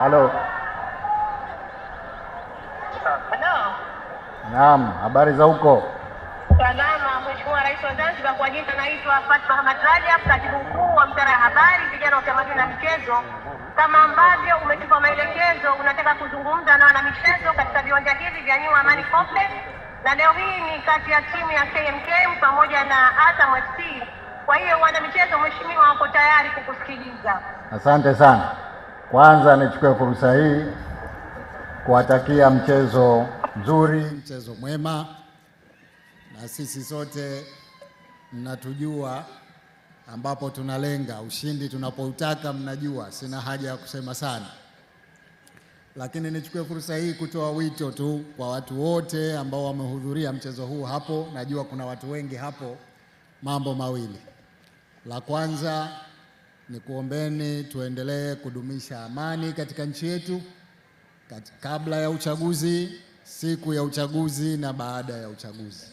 Halo. Halo. Naam, habari za huko? Salama, Mheshimiwa Rais wa Zanzibar. Kwa jina naitwa Fatma Ahmad Rajab, katibu mkuu wa Wizara ya Habari, Vijana, Utamaduni na Michezo. Kama ambavyo umetupa maelekezo, unataka kuzungumza na wanamichezo katika viwanja hivi vya New Amani Complex, na leo hii ni kati ya timu ya KMKM pamoja na Azam FC. Kwa hiyo wanamichezo, Mheshimiwa, wako tayari kukusikiliza. Asante sana. Kwanza nichukue fursa hii kuwatakia mchezo mzuri, mchezo mwema, na sisi sote mnatujua ambapo tunalenga ushindi, tunapoutaka mnajua, sina haja ya kusema sana, lakini nichukue fursa hii kutoa wito tu kwa watu wote ambao wamehudhuria mchezo huu hapo, najua kuna watu wengi hapo, mambo mawili. La kwanza nikuombeni tuendelee kudumisha amani katika nchi yetu kabla ya uchaguzi, siku ya uchaguzi na baada ya uchaguzi.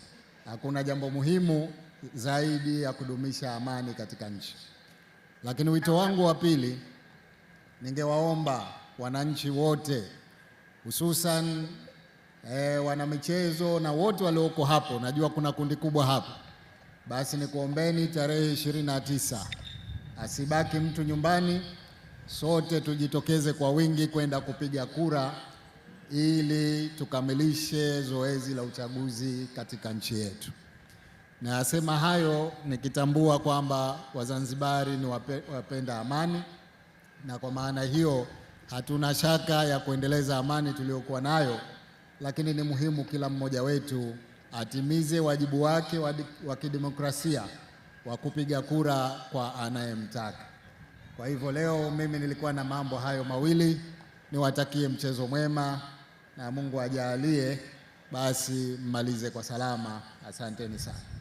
Hakuna jambo muhimu zaidi ya kudumisha amani katika nchi. Lakini wito wangu wa pili, ningewaomba wananchi wote hususan eh, wanamichezo na wote walioko hapo, najua kuna kundi kubwa hapo, basi nikuombeni tarehe ishirini na tisa asibaki mtu nyumbani, sote tujitokeze kwa wingi kwenda kupiga kura ili tukamilishe zoezi la uchaguzi katika nchi yetu. Nayasema hayo nikitambua kwamba Wazanzibari ni wapenda amani, na kwa maana hiyo hatuna shaka ya kuendeleza amani tuliyokuwa nayo, lakini ni muhimu kila mmoja wetu atimize wajibu wake wa kidemokrasia wa kupiga kura kwa anayemtaka. Kwa hivyo leo mimi nilikuwa na mambo hayo mawili, niwatakie mchezo mwema na Mungu ajalie basi mmalize kwa salama. Asanteni sana.